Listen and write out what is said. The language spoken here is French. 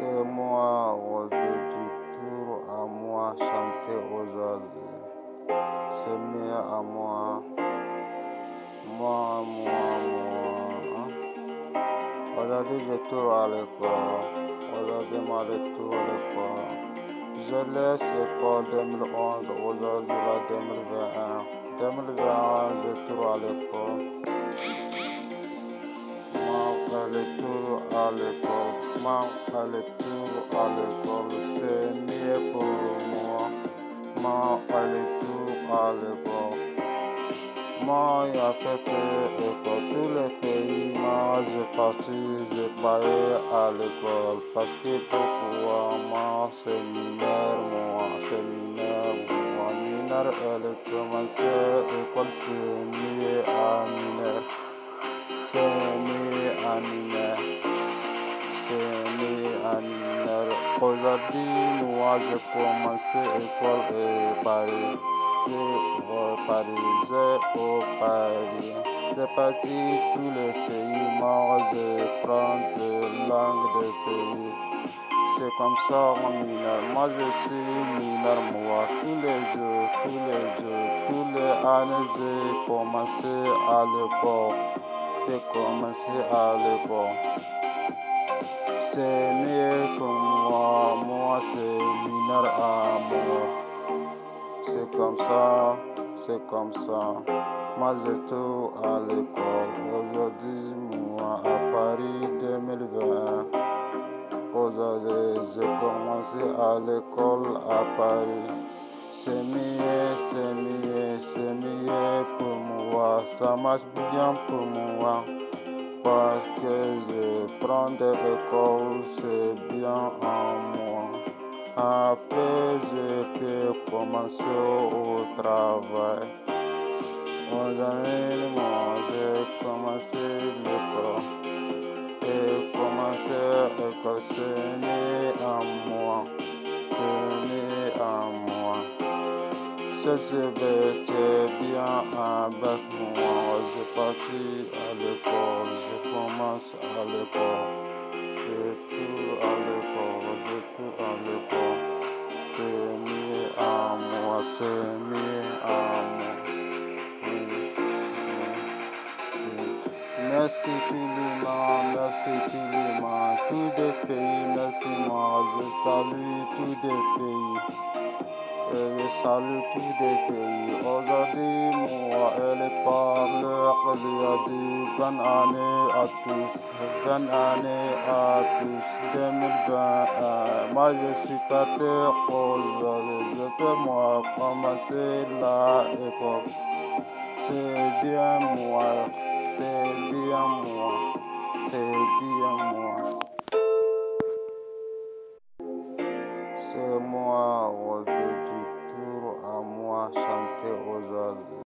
C'est moi aujourd'hui tour à moi chanter aujourd'hui. mieux à moi, moi, moi, moi. Aujourd'hui je tourne à l'école, aujourd'hui ma retour à l'école. Je laisse l'école 2011, aujourd'hui la 2021. 2021 je tourne à l'école. Moi, le tour à l'école. Ma tout à l'école, c'est mieux pour moi. Ma retour à l'école. Moi, il a fait peur pour tous les pays. Moi, je parti, je parlé à l'école. Parce que pourquoi moi, c'est mineur, moi, c'est mineur, moi. Mineur électromancien, l'école, c'est mieux à mineur. C'est mieux à mineur né à Aujourd'hui, moi, j'ai commencé l'école et Paris. J'ai Paris, j'ai au J'ai parti tous les pays, moi je prends des langues de pays. C'est comme ça mon mineur, moi je suis mineur, moi tous les jours, tous les jours, tous les années j'ai commencé à l'école. J'ai commencé à l'école c'est mieux pour moi, moi c'est mineur à moi. C'est comme ça, c'est comme ça. Moi tout à l'école, aujourd'hui moi à Paris 2020. Aujourd'hui j'ai commencé à l'école à Paris. C'est mieux, c'est mieux, c'est mieux pour moi, ça marche bien pour moi parce que je prends des écoles, c'est bien en moi. Après, j'ai pu commencer au travail. Aujourd'hui, moi, j'ai commencé l'école. Et commencer l'école, c'est à moi. C'est à moi. C'est bien avec moi. Je parti à l'école, je commence à l'école. Je tout à l'école, je tout à l'école. C'est mieux à moi, c'est mieux à moi. Merci monde merci monde tous les pays, merci moi, je salue tous les pays salut les pays. Aujourd'hui, moi, elle parle. Elle a dit bonne année à tous. Bonne année à tous. 2021 eh, moi je suis terre aujourd'hui. Je peux moi commencer la époque. C'est bien moi. C'est moi aujourd'hui du tour à moi chanter aujourd'hui.